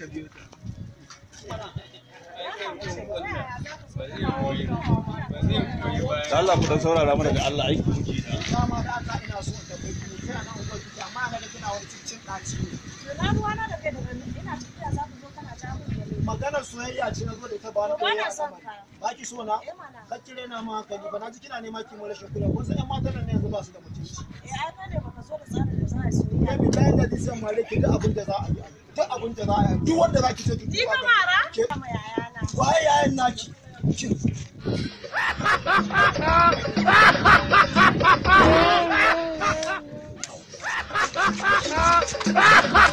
ka ta Allah ku dan saurara mu daga Allah aiki kuke da dama da Allah ina so ta bai kana nan ubangiji amma ga kina wani cincin daci ne na ruwa na da kai da ina tafiya za ku zo kana ta maganar soyayya ce na zo da ita ba na koyarwa sama ba ki so na ka kire na ma hankali ba na ji kina nema ki mara shukura kun san yan matan ne yanzu ba su da mutunci eh ai ba ne baka so da tsarin da za a yi ne bi bayan da zai mare ki da abin da za a yi duk abin da za a yi duk wanda za ki ce ki ji ka mara waye yayan naki kin Ha ha ha!